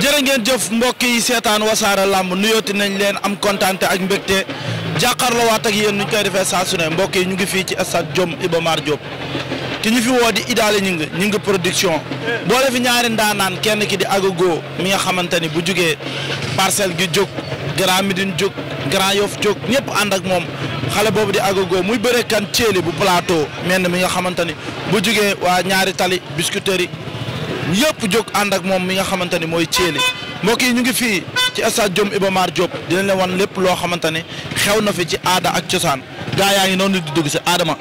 jërë ngeen jëf mbokk yi seetaan wasaare làmb nuyooti nañ leen am kontaante ak mbégte jàkkaarloo waat ak yéen ñu koy defee saa su mbokk yi ñu ngi fii ci stade Jom Iba Mar Diop ki ñu fi woo di idaale ñi ngi ñi ngi production boole fi ñaari ndaanaan kenn ki di Agogo mi nga xamante ni bu jugee parcelle gi jóg Grand Médine jóg Grand Yoff jóg ñëpp ànd ak moom xale boobu di Agogo muy bëre kan Thielly bu plateau mel mi nga xamante ni bu jugee waa ñaari tali biscuiterie ñëpp jóg ànd ak moom mi nga xamante ni mooy Thielly mbokk yi ñu ngi fii ci stade Jom Iba Mar Diop leen wan lépp loo xamante ne xew na fi ci aada ak cosaan gaa yaa ngi noonu di dugg si Adama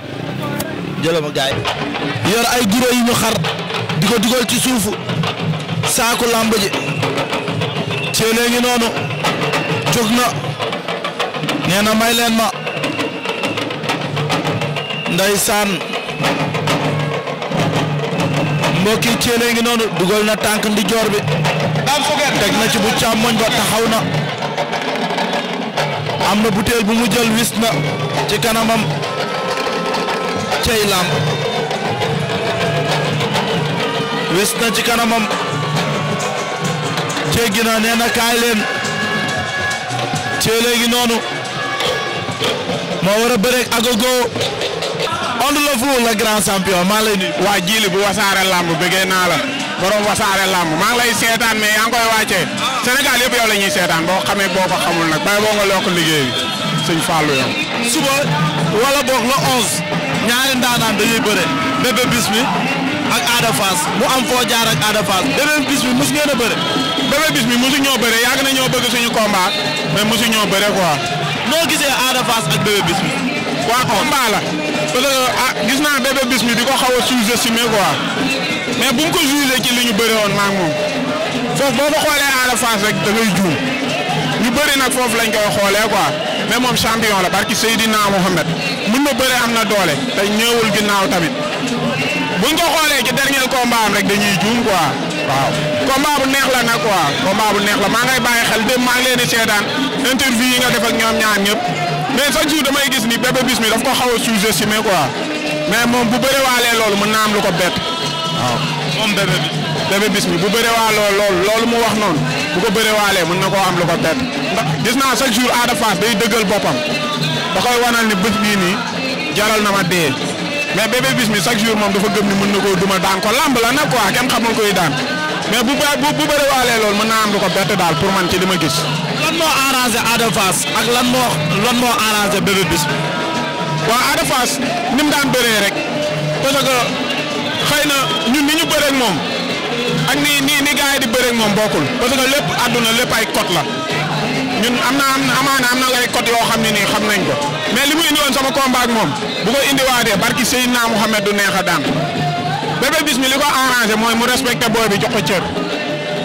jëlama gaay yor ay guro yi ñu xar di ko dugal ci suufu saaku làmb ji Thielly ngi noonu jóg na nee na may leen ma ndeysaan mbokk yi Thiel ngi noonu dugal na tànk ndi bi teg na ci bu càmmoñ ba taxaw na am na butéel bu mu jël wis na ci kanamam cey làmb wis ci kanamam jéggi na nee na kaay leen Thiel ngi noonu moo war a bëreeg Agogo. on le fou le grand champion maa lay nuyu. waa jili bu wasaare lamb bëggee naa la borom wasaare lamb maa ngi lay seetaan mais yaa ngi koy wàccee Sénégal yëpp yow la ñuy seetaan boo xamee boo ko xamul nag bàyyi boo nga lokk liggéey bi sëñ Fallou yow. suba wala boog le 11 ñaari ndaanaan dañuy bëre Bébé Bismi ak Ada Fass mu am foo jaar ak Ada Fass Bébé Bismi mos ngeen a bëre. Bébé Bismi mosu ñoo bëre yàgg na ñoo bëgg suñu combat mais mosu ñoo bëre quoi. noo gisee Ada Fass ak waaw combat la parce que ah gis naa Bébé Bismi di ko xaw a sous-estimé quoi mais bu mu ko jugé ci li ñu bëri woon maa ngi moom boo ko xoolee Ada Fass rek da ngay juum ñu bëri nag foofu lañ koy xoolee ko mais moom champion la barki Seydina Mohamed mën na bëri am na doole te ñëwul ginnaaw tamit buñ ko xoolee ci dernier combat am rek dañuy juum quoi waaw. combat bu neex la nag quoi combat bu neex la maa ngay bàyyi xel démb maa ngi leen di yi nga mais chaque jour damay gis ni bis Bismi daf ko xaw a sous-estimé quoi mais moom bu bëree loolu mën na am lu ko bett waaw. moom Bébé Bismi. Bébé bu bëree waa loolu loolu mu wax noonu bu ko bëree waalee mën na am lu ko bett ndax gis na chaque jour Ada Fass day dëggal boppam da koy wanal ni bés bii nii jaral na ma dee mais Bébé Bismi chaque jour moom dafa gëm ni mën na koo duma daan ko lamb la nag quoi kenn xamul koy daan mais bu bu bu bëree loolu mën na am lu ko bett daal pour man ci dama gis. moo arrangé Ada Fass ak moo lan moo arrangé waaw Ada Fass ni mu daan bëree rek parce que xëy na ñun ni ñu bëree moom ak ni ni ni gars yi di bëree ak moom bokkul parce lépp aduna lépp ay code la ñun am na am amaana am na ay code yoo xam ne nii xam nañ ko mais li mu indi woon sama combat ak moom bu ko indiwaatee barki Seydina Mouhamed du neex a daan Bébé Bismi li ko arrangé mooy mu respecté booy bi jox ko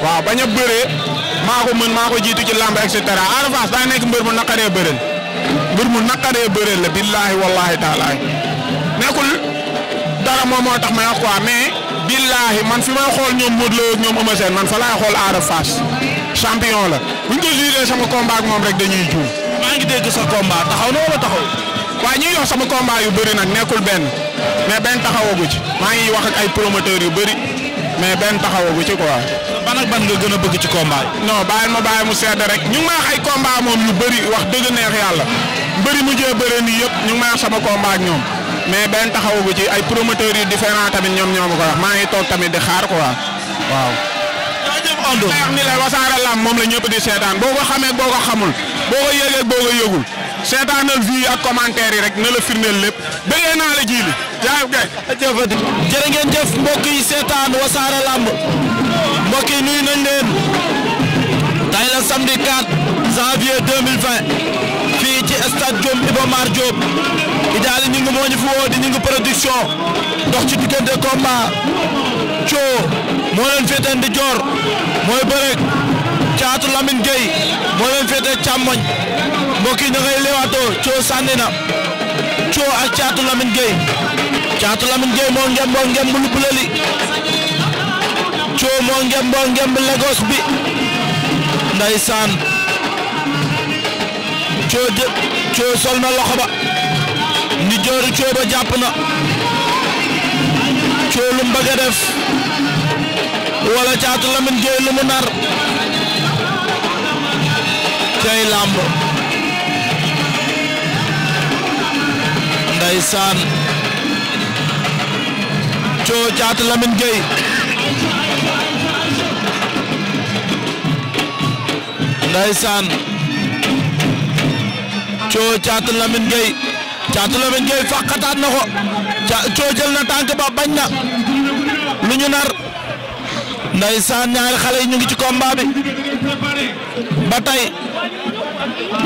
waaw bañ a bëree. maa ko mën maa ko jiitu ci làmb et cetera Ada Fass daa nekk mbër mu naqaree bëreel mbër mu naqaree bëreel la billaahi wallaahi taalaay nekkul dara moom moo tax may wax quoi mais billaahi man fi may xool ñoom Modou Lo ak ñoom Eumeu Sène man fa laay xool Ada Fass la buñ ko jugee sama combat moom rek dañuy juum. maa ngi dégg sa combat taxaw na wala taxaw. waaye ñuy wax sama combat yu bëri nag nekkul benn mais benn taxawagu ci maa ngi wax ak ay promoteurs yu bëri. mais benn taxawagu ci ko ban ak ban nga gën a bëgg ci combat yi. non bàyyi ma bàyyi mu sedd rek ñu ngi may wax ay combat moom yu bëri wax dëgg neex yàlla mbëri mu jee bëre nii yëpp ñu ngi may sama combat ak ñoom mais benn taxawagu ci ay promoteurs yu différent tamit ñoom ñoo ma ko wax maa ngi toog tamit di xaar ko quoi waaw. Ondo wax ni la Wassare Lamb moom la ñëpp di seetaan boo ko xamee boo ko xamul boo ko yëgee boo ko yëgul seetaanal vues yi ak commentaires yi rek na la firndeel lépp bëggee naa la jiili. jaayam kay. jërë mbokk yi seetaan wasaare lamb mbokk yi nuyu nañ leen tey la samedi 4 janvier 2020 fii ci stade Diop Iba Mar Diop Idaly ñu ngi moo ñu fi woo di ñu ngi production ci diggante combat Thio moo leen féete joor mooy bërek Caatu Lamine Gueye moo leen féete càmmoñ mbokk yi ñu ngay coo ak caatu Lamine Gueye moo ngem boo lu bulali coo moo ngem boo ngem bu Lagos bi ndeysaan jë coo sol na loxo ba ndi jooru ba jàpp na coo lu mu def wala caatu Lamine Gueye lu mu nar cay làmb ndeysaan coo caat Lamine Gueye ndeysaan coo caat Lamine Gueye caat Lamine Gueye na ko coo jël na tànk ba bañ na lu ñu nar ndeysaan ñaari xale ñu ngi ci combat bi ba tey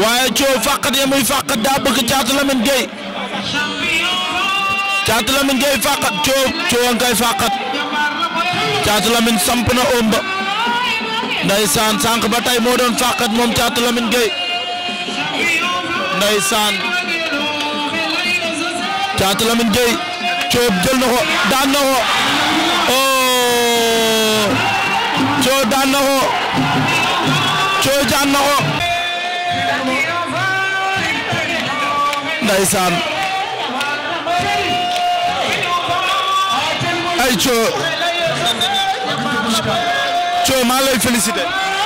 waaye coo fàqat ya muy daa bëgg caat Lamine Gueye Caatu la ngay fàqat coo coo ngay fàqat Caatu Lamin samp na omba ndeysaan sànq ba tey moo doon fàqat moom Caatu Lamin ngay ndeysaan Caatu Lamin ngay coo jël na ko daan na oo oh! coo daan na coo jaan na ko ndeysaan waay coo coo maa lay félicité.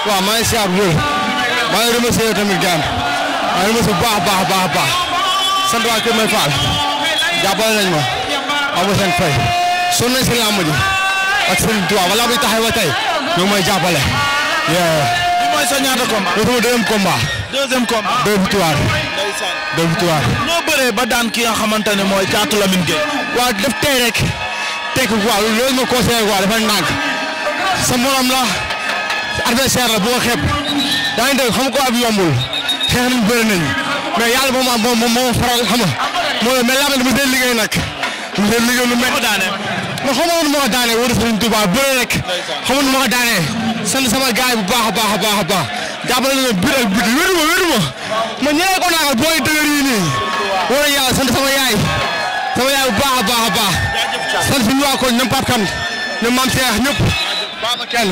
waaw maa ngi siyaar wér maa ngi remercier tamit gaan maa ngi baax baax baax baax sant waa Kër May Fall jàppale nañ ma aw ma seen fay sonn nañ si làmb ji ak seen tubaab wala bu taxaw ba tey ñoom mooy jàppale. bi mooy sa ñaata combat. loolu mooy deuxième combat. deuxième combat deux bëree ba daan ki nga xamante ne mooy Thiatou Lamine Gueye. waa def tey rek. teg quoi loolu ma conseillé quoi dafa nànk sa morom la adversaire la bu ko xeeb yaa ngi dégg xam ko ab yombul xeex nañ bëri nañu mais yàlla moom am moom moom faral xam moo mais laa mel ni bu dee liggéey nag bu liggéey lu mel. ma xaw ma woon ma ko daanee wóor na Sëriñ Tuubaa bëri rek xaw ma woon ma ko daanee sant sama gars baax a baax a baax a baax ma wéru sama yaay sama yaay bu baax a baax a sant suñu waa koñ ñoom Pape Kane ñoom maam Cheikh ñëpp baax na kenn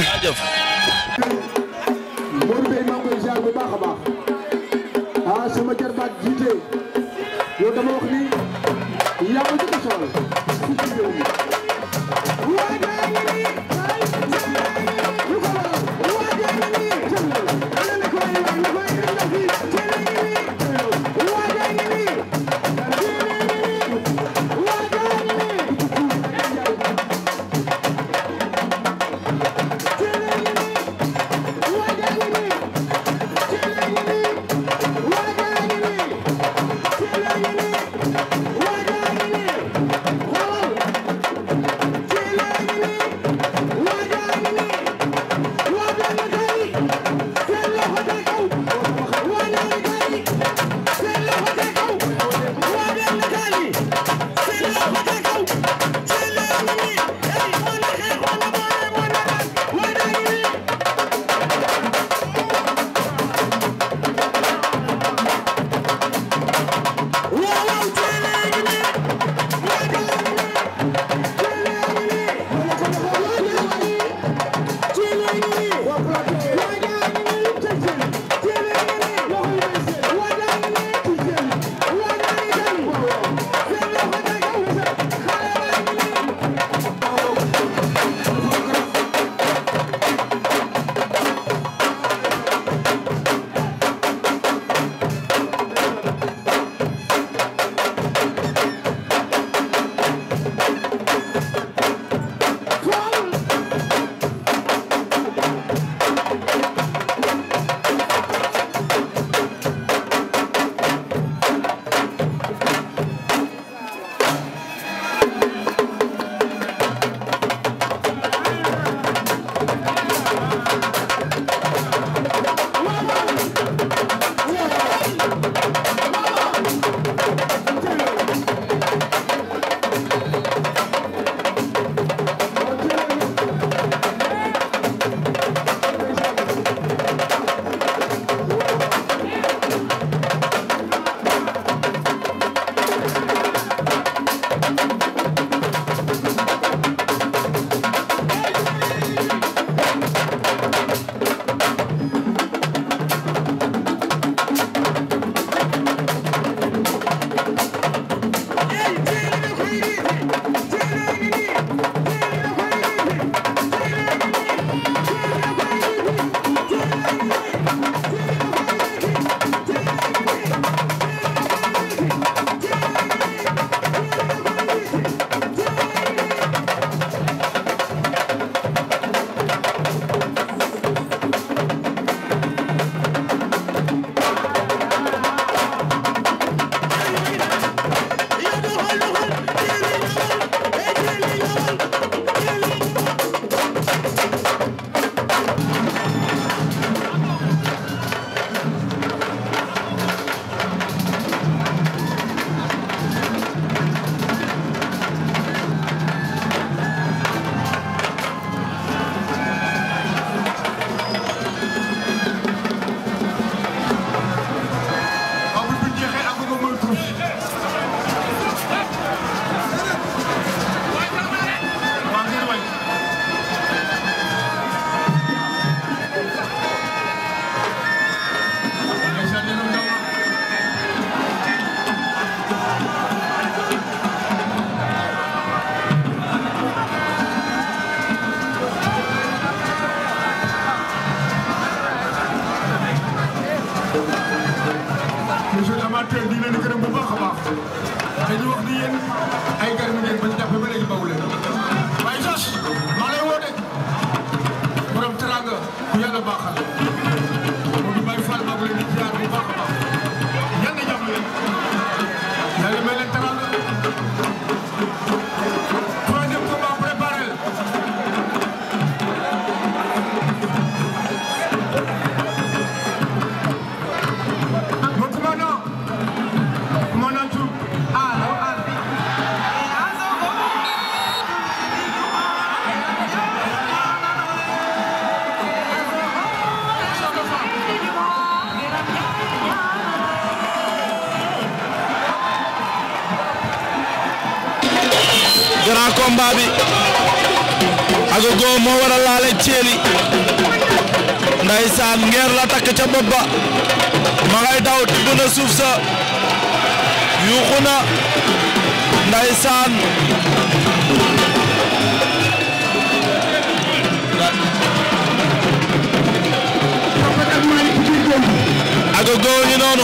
moo war a laale ceeli ndaysaan ngeer la takk ca bopp ba ma ngay daw tibb na suuf sa yuuxu na ndaysaan aga góor ñi noonu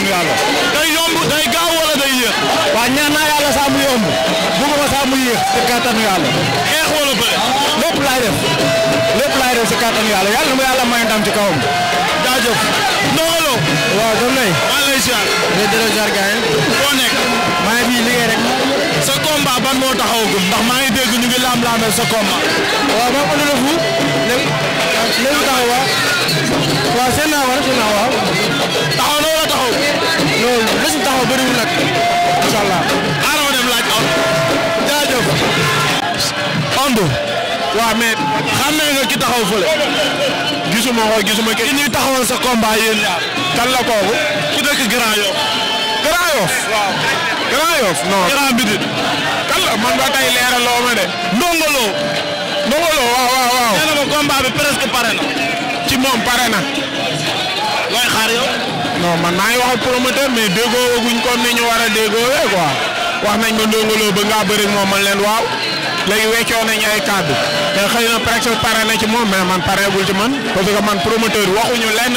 gërëm yàlla si kattanu yàlla. xeex wala bëre. lépp laay def lépp laay def si kattanu yàlla yàlla na ma yàlla may ndam ci kawam. jaajëf. Ndongo Lo. waaw doon nañ. maa ngi lay ziar. ngay delloo ziar nekk. maa ngi fii liggéey rek. sa combat ban moo taxawagum ndax maa ngi dégg ñu ngi laam-laame sa combat. waaw maa ngi ko doon defu léegi léegi taxaw waaw. seen naa war seen naa waaw. taxaw na taxaw. loolu lu si taxaw bëriwul nag. incha allah. xaaral ma dem jëm. Onde. waaw mais xamee nga ki taxaw fële. gisuma ko gisuma ki ñuy taxawal sa combat yéen ñaar. la kooku. ku dëkk Grand Yoff. Grand Yoff. waaw Grand Yoff non. la man ba tey leeraloo ma de. Ndongolo. Ndongolo waaw waaw waaw. nee na bi presque pare na. ci moom pare na. looy xaar yow. man maa ngi wax ak promoteur déggoo guñ comme ni ñu war a déggoo quoi. wax nañ ma Ndongo Lo ba ngaa bëri moom man leen waaw léegi weccoo nañ ay kàddu mais xëy na presque pare na ci moom mais man pareegul ci man parce que man promoteur waxuñu lenn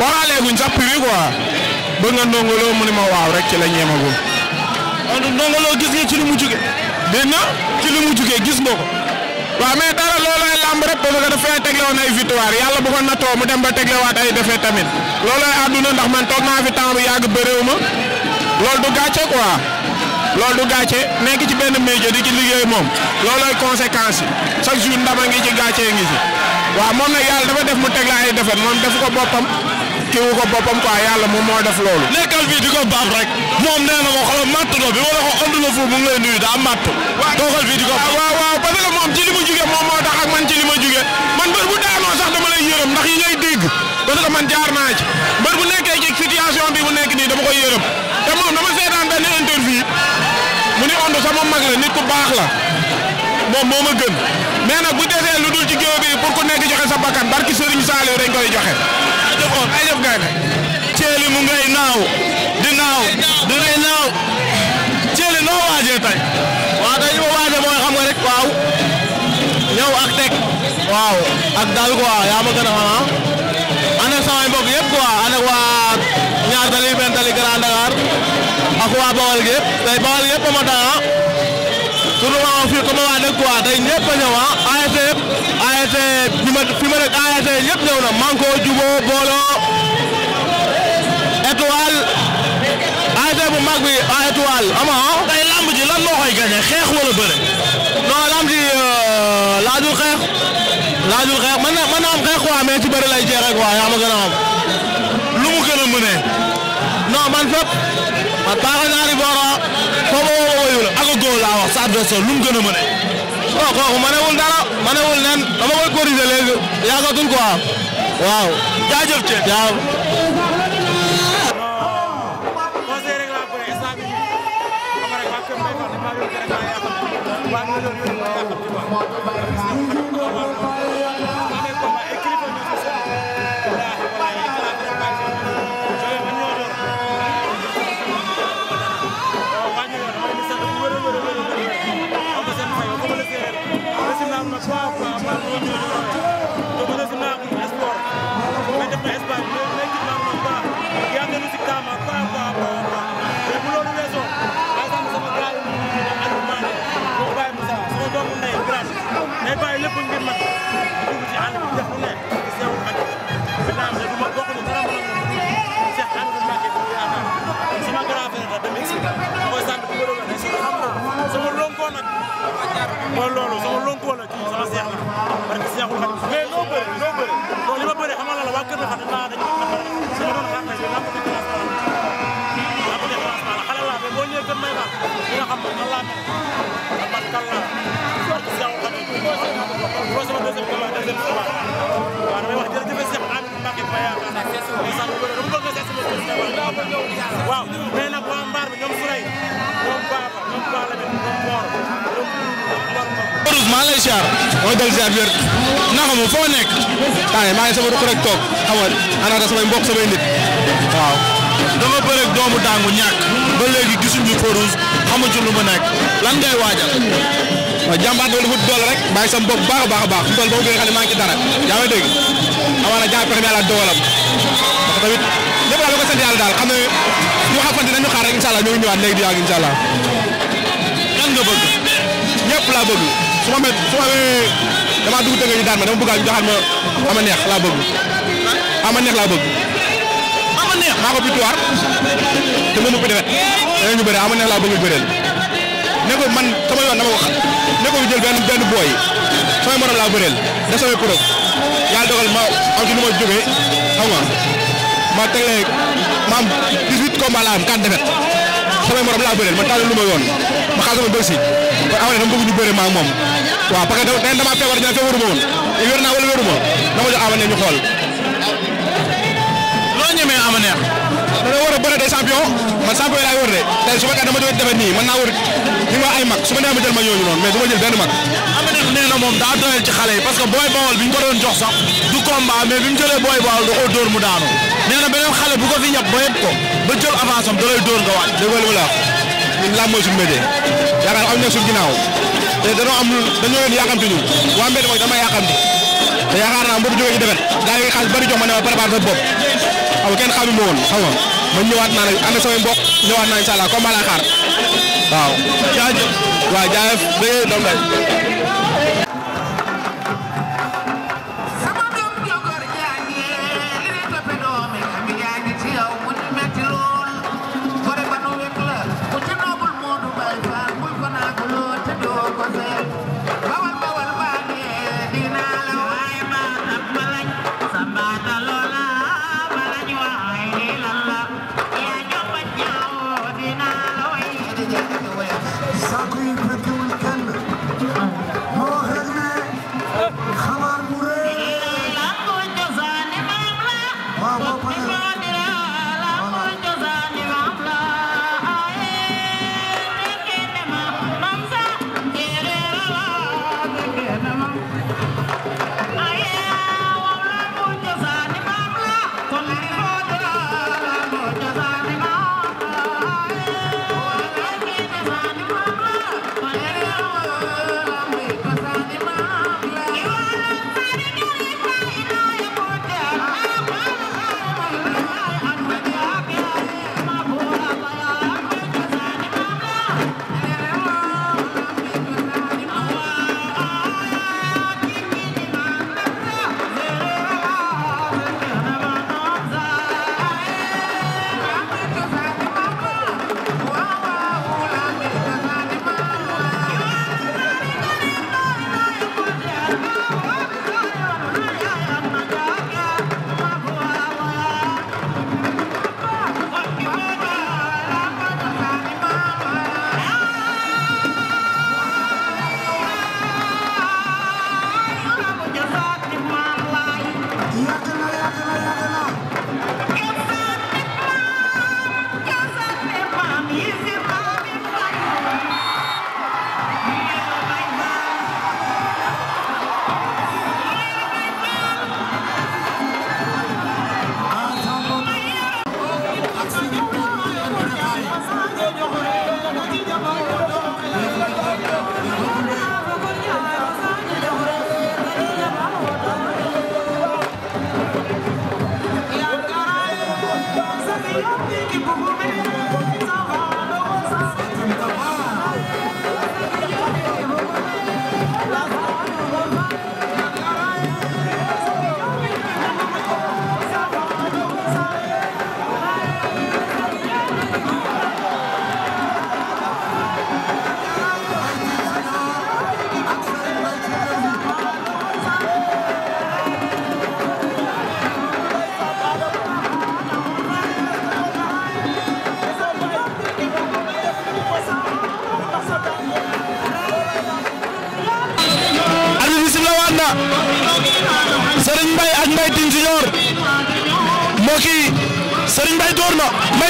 waxaaleeguñ sax prix quoi bëgg nga Ndongo Lo mu ne ma waaw rek ci la ñeemagum. kon Ndongo Lo gis nga ci lu mu jugee. dégg na ci lu mu gis nga ko. waa mais dara loolay lamb rek parce que dafay tegle woon ay victoire yàlla bu ko nattoo mu dem ba teglewaat ay defee tamit loolay àdduna ndax man toog naa fi temps bi yàgg ma loolu du gàcce quoi. loolu du gàcce nekk ci benn métier di ci liggéey moom loolooy conséquence yi chaque jour ndama ngi ci gàcce ngi ci waaw moom nag yàlla dafa def mu teg defet moom def ko boppam kii ko boppam quoi yàlla moom moo def loolu. nekkal fii di ko baab rek moom nee na ma xoolal matt do bi wala ko ond la fu mu ngi lay nuyu daa matt. waaw toogal fii di ko baab waaw waaw moom ci li ma jugee moom moo tax ak man ci li ma jugee man mbër bu daanoo sax dama lay yërëm ndax yi ngay dégg parce que man jaar naa ci mbër bu bi bu nekk dama koy yërëm ni Onde sama mag la nit ku baax la moom moo ma gën mais nag bu desee lu dul ci géew yi pour ku nekk joxe sa bakkan barki Serigne Saliou dañ koy joxe. jaajëf Onde ay jëf gaynde. Thiel mu ngay naaw di naaw di ngay naaw Thiel noo waajee tey. waaw tey li ma mooy xam nga rek waaw ñëw ak teg. waaw ak daal quoi yaa ma gën a xam ah. ànd ak samay waa Bawol gi yëpp tey Bawol gi a ma daan ah tournoi ah. ma fi ah. lan moo koy gagné euh, laajul xeex laajul xeex mën a am lu mu gën a mënee. non man man Paka Ñaari Boora foofu woo ma wëyul ak góor laa wax sa adversaire lu mu gën a mën a. waaw kooku mënewul dara mënewul nen dama koy corriger léegi yàggatul quoi waaw. jaajëf Thiel waaw. mooy loolu sama lonkoo la ci sama seex la parce que seexul xat mais noo bëri noo bëri bon li ma bëri xamal la waa kër xam naa dañu su ma doon xaar tey lamb de classement la lamb de classement la xale laa mais boo ñëwee kër may baax dina xam man lan laa mel man kan laa mooy sama deuxième combat deuxième combat waaw maa lay ziar mooy del ziar wér naka mu foo nekk tane maa ngi sama dëkk rek toog xam nga anaata samay mbokk samay nit waaw dama bëre doomu daangu ñàkk ba léegi gisuñu Farouz xamuñu lu mu lan ngay waajal waaw jàmbaar dafa wut doole rek bàyyi sam bopp baax a baax a baax tool boobu bi nga xam ne maa ngi ci dara yaa ngi dégg amaana jaay pexe yàlla dogalam parce que tamit ñëpp daal di ko sant yàlla daal xam ne ñu xam fan dinañu xaar rek incha allah ñu ngi ñëwaat léegi di yàgg incha allah. lan nga bëgg ñëpp laa bëgg su ma met su ma amee damaa dugg dëgg yi daan ma dama bëgg a joxaat ma ama neex laa bëgg ama neex laa bëgg. ama neex maa ko victoire te mënu ko defet danañu bëre ama neex laa bëgg bëreel ne ko man sama yoon dama wax ne ko jël benn benn booy samay morom laa bëreel da samay preuve yàlla dogal ma am ci nu ma jógee xam nga ma tegle ma am 18 combats la am 4 défaites samay laa bëreel ma taal lu ma yoon ma xaar sama bëgg si kon awane dama bëgg ñu bëree ma ak moom waaw parce que da dama feebar ñaan feebaruma woon te wér ñu xool loo ñemee amaneex dañoo war a bëre des champions man champion laay wër de tey su ma kat dama nii mën naa wër ñu ma ay mag su ma nee jël ma ñooñu noonu mais du jël benn mag. Amady nee na moom daa doyal ci xale yi parce que booy bawol bi ñu jox sax du combat mais bi mu jëlee booy bawol da koo mu daanoo nee na beneen xale bu fi ñab ba yëpp ba jël avance am da lay dóor nga waat. dégg nga li ma la wax ñun làmb mooy suñu métier yaakaar am na suñu am dañoo xaw ma kenn xamu ma woon xaw ma ma ñëwaat naa nag ànd ak samay mbokk ñëwaat naa incha waaw. jaajëf waaw jaajëf dégg nga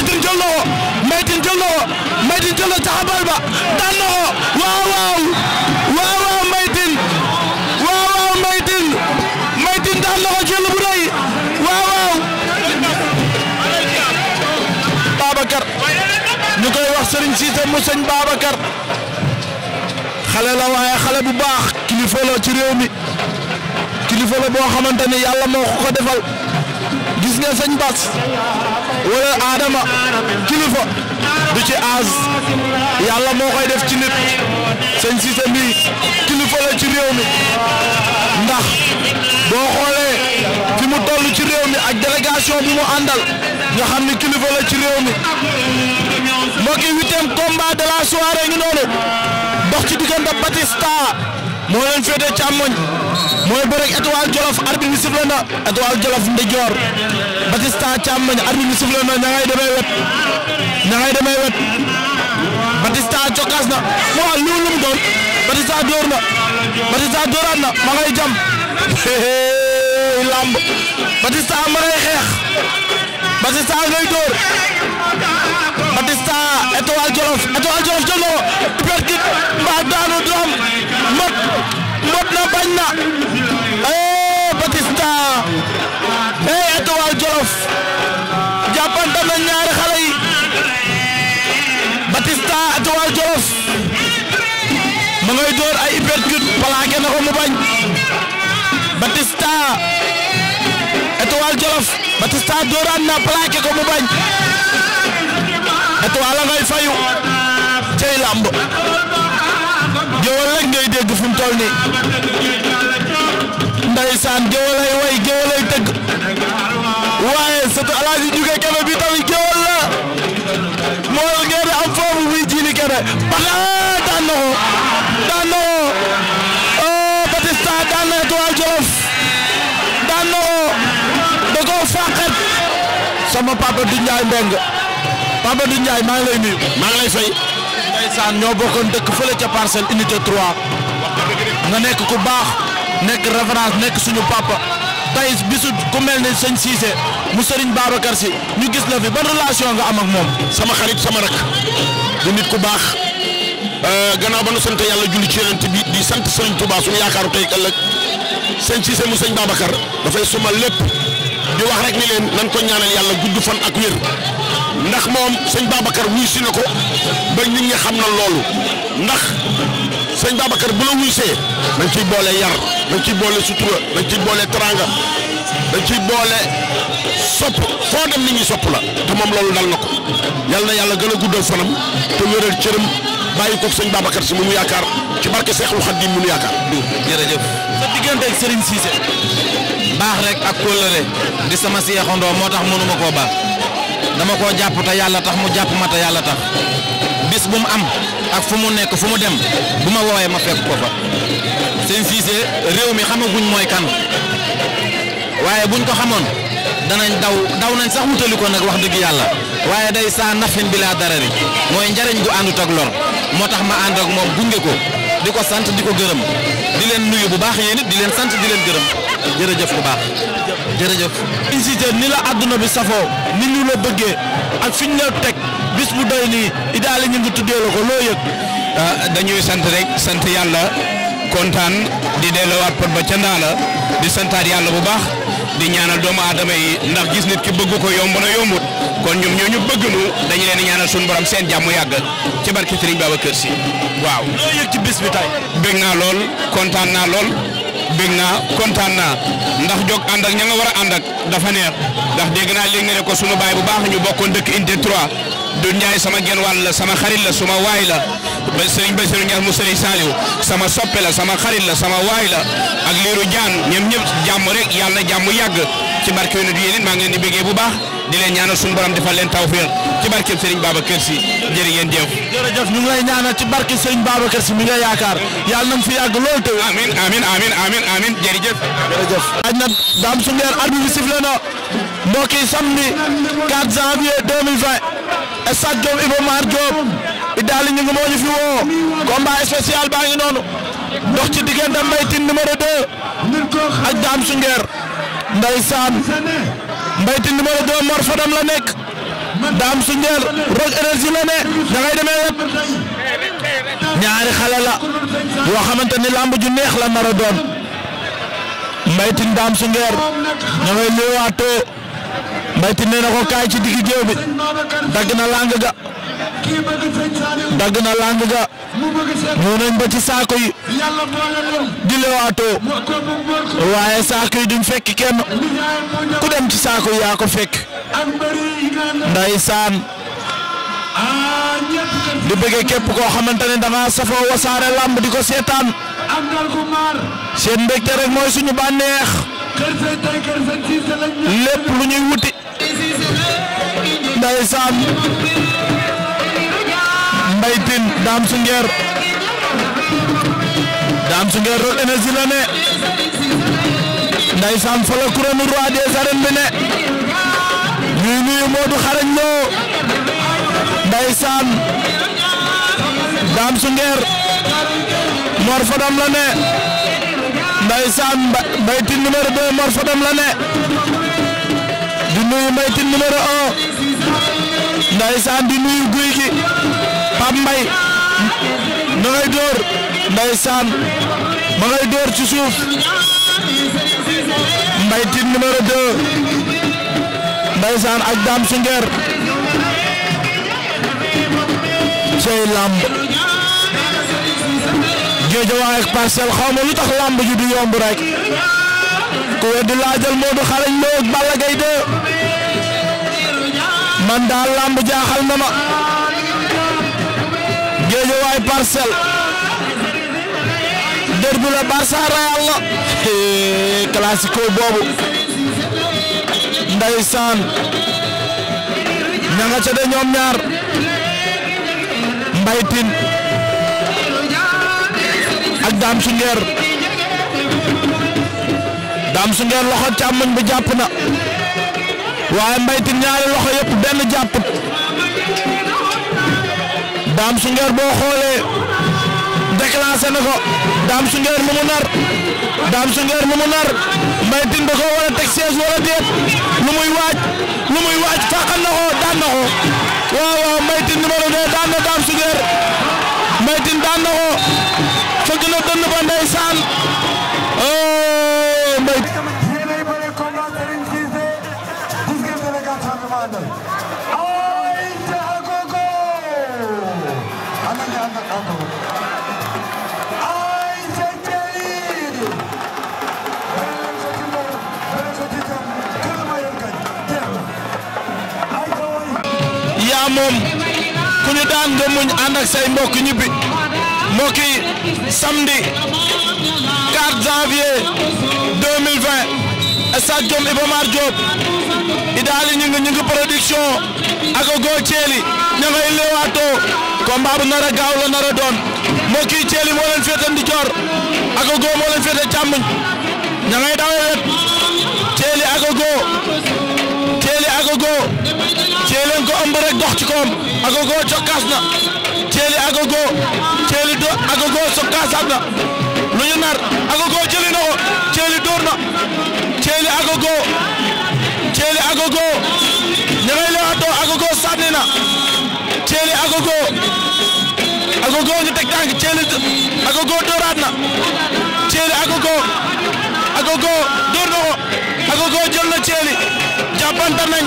Maytin jël na ko Maytin jël na ko Maytin ba daan na ko waaw waaw waaw waaw Maytin waaw waaw Maytin Maytin daan na ko jël bu koy wax Serigne Cissé mu sëñ Babacar xale la waaye xale bu baax kilifa la ci réew mi kilifa la boo xamante ni moo ko defal gis nga sëñ Bass wala aadama kilifa di ci aas yàlla moo koy def ci nit sëñ Cissé mi kilifa la ci réew mi ndax boo xoolee fi mu toll ci réew mi ak délégation bi mu àndal nga xam ni kilifa la ci réew mi mbokki huitième combat de la soirée ngi noonu dox ci diggante Batista moo leen féetee càmmoñ mooy bëreeg Étoile Jolof ar bi sifflé na Étoile Jolof ndijoor Batista càmmoñ arbitre bi sifflé na ngay demee wet ña ngay demee wet Batista cokkaas na waaw lii lu mu doon Batista door na ma ngay jam lamb Batista ma ngay xeex Batista ngay door. Batista Étoile Jolof Étoile Jolof jël na ko daanu doom mot mot na bañ na eh Batista eh Étoile Jolof jàppante na ñaari xale Batista Étoile Jolof ma ngay door ay Berkut plaqué na ko bañ Batista Étoile Jolof Batista dooran na plaqué ko bañ. étoile ngay fayu cey lamb géwal ngay dégg fu mu toll nii ndeysaan géwal ay way géwal ay tëgg waaye surtout alaaji jóge kebe bi tamit géwal la moo am foofu muy jiili kebe paxa daan na ko daan na ko oh, Jolof daan na ko sama papa du Njaay Papa Doudou Ndiaye maa ngi lay nuyu. maa ngi lay fay. ndeysaan ñoo bokkoon dëkk fële ca parcelle unité 3 nga nekk ku baax nekk référence nekk suñu papa tey bisu ku mel ne sëñ Cissé mu sëriñ Babacar si ñu gis la fi ban relation nga am ak moom. sama xarit sama rak ku baax euh, gannaaw ba nu sant yàlla julli ci yonent bi di sant sëñ Cissé mu sëñ Babacar dafay suma lépp di wax rek ni leen nan ko ñaanal yàlla gudd fan ak wér. ndax moom sëñ Babacar wuy si na ko ba nit ñi xam na loolu ndax sëñ Babacar bu la wuy see dañ ciy boole yar dañ ciy boole sutura dañ ci boole teranga dañ ci boole sopp foo dem nit ñi sopp la te moom loolu dal na ko yal na yàlla gën a guddal fanam te wéral cërëm bàyyi ko sëñ Babacar si mu mu yaakaar ci barke Seexul Xadiim mu mu yaakaar. jërëjëf sa diggante ak Serigne Cissé baax rek ak kóllëre di sama seexandoo moo tax mënuma koo baax. dama koo jàpp te yàlla tax mu jàpp ma te yàlla tax bis bu mu am ak fu mu nekk fu mu dem bu ma woowee ma fekk ko fa seen siise réew mi xamaguñ mooy kan waaye buñ ko xamoon danañ daw daw nañ sax wutali ko nag wax dëgg yàlla waaye day saa nafin bi laa dara mooy njariñ gu àndut ak lor moo tax ma ànd ak moom gunge ko di ko sant di ko gërëm di leen nuyu bu baax yéen it di leen sant di leen gërëm jërëjëf ku baax jërëjëf. Siteu ni la àdduna bi safoo ni ñu la bëggee ak fiñ la teg bis bu doy nii idaali ñu ngi tuddee la ko loo yëg. Ah, dañuy sant rek sant yàlla kontaan di delloowaat pot ba ca ndaa la di santaat yàlla bu baax di ñaanal doomu aadama yi ndax gis nit ki bëgg ko yomb na yombut kon ñoom ñoo ñu bëgg nu dañu leen ñaanal suñu borom seen jàmm yàgg ci barke Serigne Babacar Sy waaw. loo yëg ci bis bi tay bëgg naa lool kontaan naa lool. bég naa kontaan naa ndax jog ànd ak ña nga war a ànd ak dafa neex ndax dégg naa léegi nga ne ko sunu baay bu baax ñu bokkoon dëkk unité 3 du sama genn wàll la sama xarit la suma waay la ba sëriñ Bassirou Niass mu sëriñ Saliou sama soppe la sama xarit la sama waay la ak liiru jaan ñoom ñëpp jàmm rek yàlla na jàmm yàgg ci barke yonent yi maa ngi leen di bégee bu baax di leen ñaanal sunu borom defal leen tawfeex ci barkeem Serigne Babacar Sy jërë ngeen jëf. jërëjëf ñu ngi lay ñaanal ci barke Serigne Babacar Sy mi nga yaakaar yàlla nañ fi yàgg lool te. amiin amiin amiin amiin amiin jërëjëf. jërëjëf. laaj na Dame Souguer arbitre bi sifflé na mbokk yi samedi 4 janvier 2020 stade Diop Mar Diop Idaly ñu ngi moo fi woo combat spécial baa ngi noonu dox ci diggante Mbaye Tine numéro 2 ak Dame Souguer ndeysaan la nekk. daam su njël rock énergie la ne da ngay demee wet ñaari xale la yoo xamante ni lamb ju neex la nar a doon mbaytin daam su njël mbayti nee na ko kaay ci digg géew bi dagg na lang ga dagg na lang ga ñëw nañ ba ci saako yi di lewaatoo waaye saako yi duñ fekk kenn ku dem ci saako yi yaa ko fekk ndeysaan di bëggee képp koo xamante ne danga safoo wasaare lamb di ko seetaan seen mbégte rek mooy suñu bànneex lépp lu ñuy wuti ndeysaan Mbaye Tine Dame Souguer Dame Souguer Rock Énergie la ne ndeysaan fa la couronne roi des arènes bi ne ñuy nuyu Modou Xarañ Lo ndeysaan Fadam la ne ndeysaan Mbaye Tine numéro Fadam la nuyu Mbaye Tine numéro un ndaysaan di nuyu guy gi Pape Mbaye door ndaysaan ma ngay door ci suuf Mbaye Tine numéro deux ndaysaan ak Dame Sunger lamb Guédiawaye ak Parcelles xaw lu tax lamb ji du yomb rek ku weddi laajal Modou Xarañ Lo ak Balla Gaye 2 man daal lamb jaaxal na ma géejewaay parcelle derby la Barça Real la classico boobu ndeysaan ña nga ca de ñoom ñaar Mbaye Tine ak Dame Souguer Dame Souguer loxo càmmoñ bi jàpp na. waaye Mbaye Tine ñaari loxo yëpp benn jàpput Dame Souguer boo xoolee déclenché na ko Dame Souguer lu mu nar Dame Souguer lu mu nar Mbaye Tine da ko war a teg siège wala déet lu muy waaj lu muy waaj fàqal na ko daan na ko waaw waaw Mbaye Tine numéro 2 daan na Dame Souguer Mbaye Tine daan na ko fëgg na dënn ba ndeysaan yaa moom ku ñu daan nga muñ ànd say mbokk ñibbi mbokk yi samedi 4 janvier 2020 stade Iba Mar Diop Idaly ñu ngi ñu ngi production Go Thiely ña ngay leewaatoo combat bu nar a gaaw la nar a doon mbokk yi Thiely moo leen féete ndijoor ak Go moo leen féete càmmoñ ña ngay dawe wet Thiely ak Go Thiely ak Go Thielly ko ëmb rek dox ci koom Agogo cokkaas na Agogo Thielly do Agogo sokkaasaat lu ñu nar Agogo jëli na ko Thielly Agogo Thielly Agogo ña ngay Agogo sànni na Agogo Agogo ñu Agogo dooraat Agogo Agogo door jàppante nañ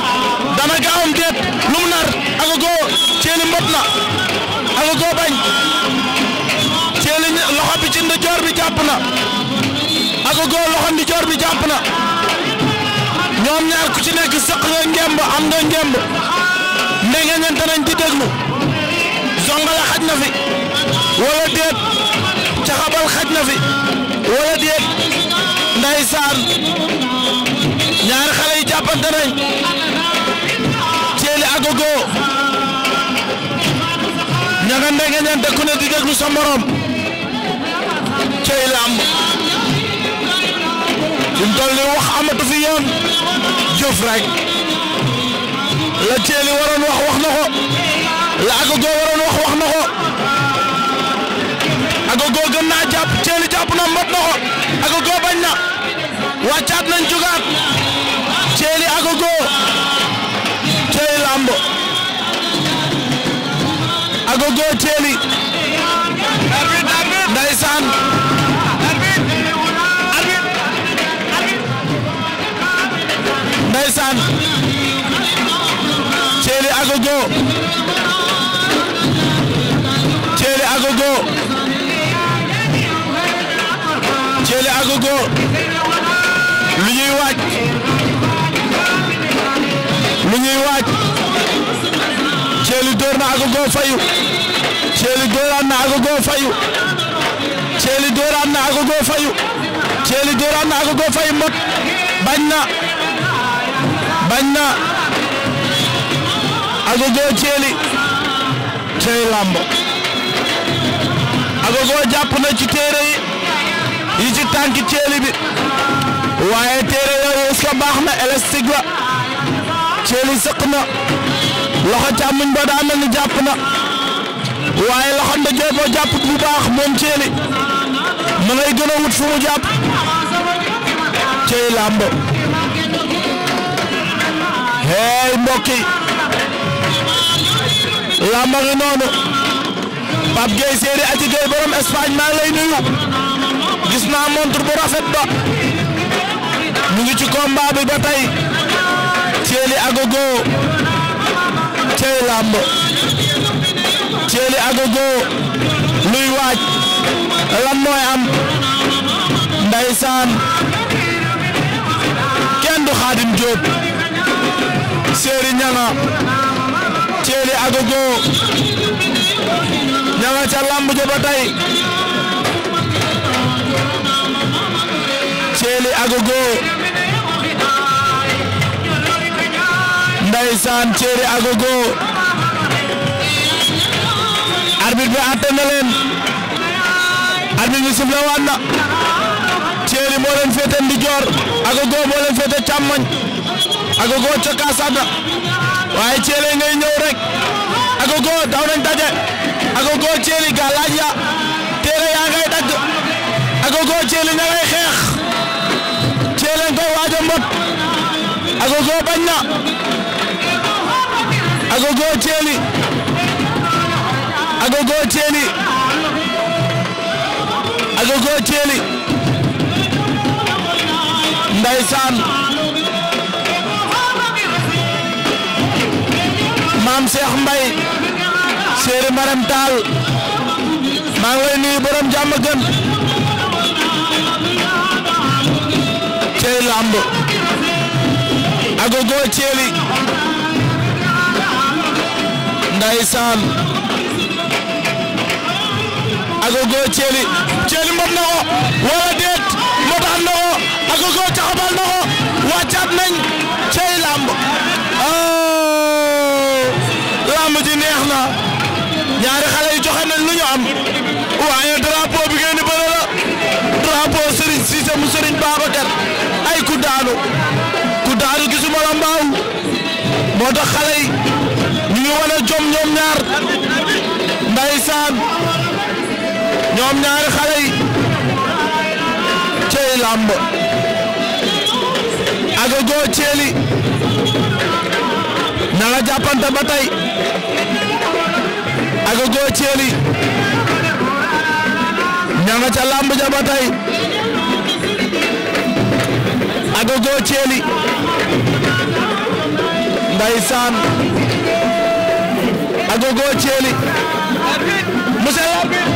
dana gaaw am déet lu mu nar Agogo Thiely mbot na Agogo bañ Thiely loxo bi ci ndijoor bi jàpp na Agogo loxo ndijoor bi jàpp na ñoom ñaar ku ci nekk sëq nga ngemb am nga ngemb ndengeñante nañ di déglu zongale xaj na fi wala déet caxabal xaj na fi wala déet ndeysaan ñaari xale jàppante nañ Thielly Agogo ña nga ndegeñante ku ne di déglu sa morom cey lamb wax amatu fi yoon rek la Thielly waroon wax wax na ko la Agogo waroon wax wax na ko Agogo gën naa jàpp na mbot ko góor cey lamb agogo ceeli ndeysaan ndeysaan ceeli agogo ceeli agogo ceeli agogo lu li ñuy waaj Thiely door na Agogo fayu Thiely dooran na Agogo fayu Thiely dooran na Agogo fayu fayu mot bañ na bañ na Agogo Thiely cey lamb Agogo jàpp na ci téere yi yi ci tànki Thiely bi waaye téere yooyu est-ce baax na élastique la Thiely sëq na loxo càmmuñ ba daa mel na waaye loxo ndijoor ba jàpput bu moom Thiely ma ngay gën a wut fu mu jàpp Thiely làmb hey mbokk yi làmb noonu Pape Gueye Séeri Aji Gueye borom Espagne maa lay nuyu gis naa montre bu rafet ba mu ngi ci combat bi ba tey Thiely Agogo cey Agogo luy waaj lan mooy am ndaysaan kenn du Xaadim Diop Seri ñanga Thiely Agogo ñanga ca lamb ja ba tey Agogo ndeysaan Thierry Agogo arbitre bi àtte na leen arbitre bi sifflé waat na ndijoor Agogo moo leen féete Agogo cokaasaat waaye Thierry ngay ñëw rek Agogo daw daje Agogo Thierry gaa téere yaa ngay Agogo Thierry ña xeex Thierry nga koy waaj Agogo bañ agogo ceeli agogo ceeli agogo ceeli ndaysaan maam Cheikh Mbaye Séeri Maram Taal maa ngi lay nuyu borom gën cey lamb agogo ceeli ndeysaan agogo ceeli ceeli mbot na ko wala déet mbotaan na ko agogo caxabal na ko wàccaat nañ cey làmb oh, làmb ji neex na ñaari xale yi lu ñu am waaye drapeau bi ngeen di bëre la drapeau Serigne Cissé mu Serigne Babacar ay ku daanu ku daanu gisuma la mbaaw tax jom ñoom ñaar ndeysaan ñoom ñaari xale yi cey làmb Agogo Thiely na nga jàppante ba tey Agogo Thiely ña nga ca làmb ja ba tey Agogo Thiely ndeysaan agogo ceeli monsieur l'arbitre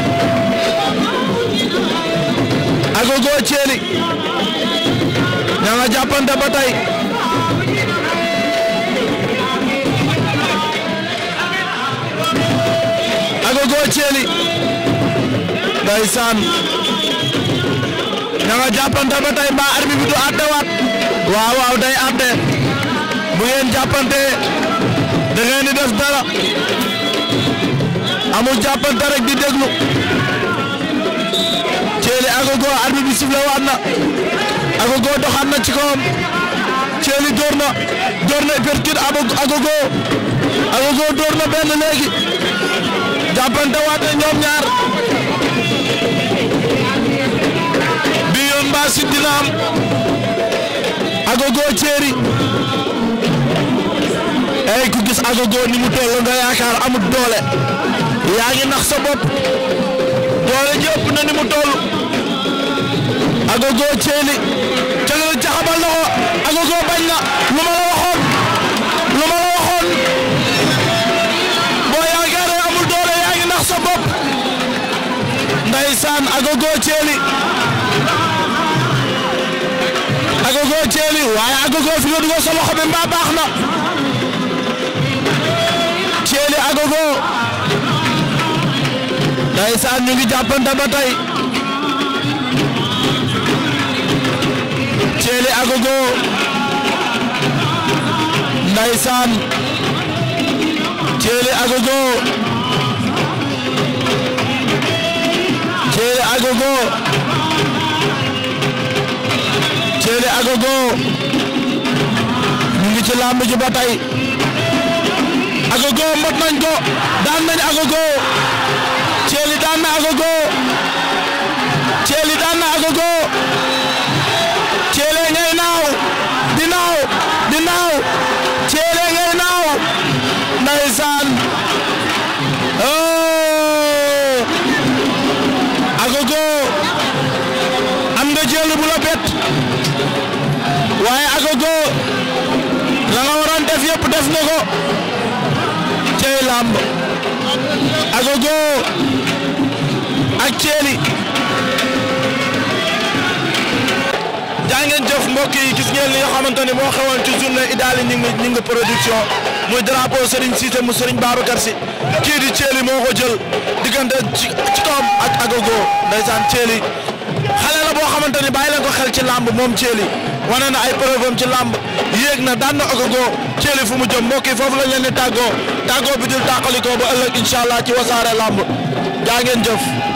agogo ceeli ña nga jàppante ba tey ba tey mbaa arbitre bi du àttewaat day àtte bu ngeen jàppante da ngeen di def dara rek di déglu Thielly Agogo arbitre bi sifflé waat na Agogo doxaat ci kawam Thielly door na door na uppercut Agogo Agogo door na benn léegi ñoom ñaar bi yoon mbaa si Agogo Thielly ey ku gis Agogo ni mu toll nga yaakaar amut doole yaa ngi nax sa bopp doole ji ëpp na ni mu toll Agogo ceeli ceeli jaxabal na ko bañ na lu ma la lu ma la waxoon boo yaakaaree doole yaa ngi nax sa bopp ndaysaan Agogo ceeli Agogo ceeli waaye Agogo fi nga dugal sa loxo mbaa baax na Agogo ndeysaan ñu ngi jàppante ba tey Thielly Agogo ndeysaan Thielly Agogo Thielly Agogo Thielly Agogo ñu ngi ci làmb ji ba tey Agogo mot nañ ko daan nañ Agogo Thiely daan na Agogo Thiely daan na Agogo Thiely ngay naaw di naaw di naaw Thiely ngay naaw ndeysaan oh Agogo am nga jël bu la bett waaye Agogo la def yëpp def nga ko. Samb Agogo ak Thiély jàngeen jëf mbokk yi gis ngeen li nga xamante ni moo xewoon ci journée Idaaly Gningue Gningue production muy drapeau Serigne Cissé mu Serigne Babacar Sy kii di Thiély moo ko jël diggante ci ci ak Agogo ndeysaan Thiély xale la boo xamante ni bàyyi leen ko xel ci làmb moom Thiély wane na ay preuve am ci làmb yéeg na daan Agogo Thiély fu mu jëm mbokk foofu lañ leen tàggoo tàggoo bi dul tàqalikoo ba ëllëg incha allah ci wasaare lamb jaa ngeen jëf.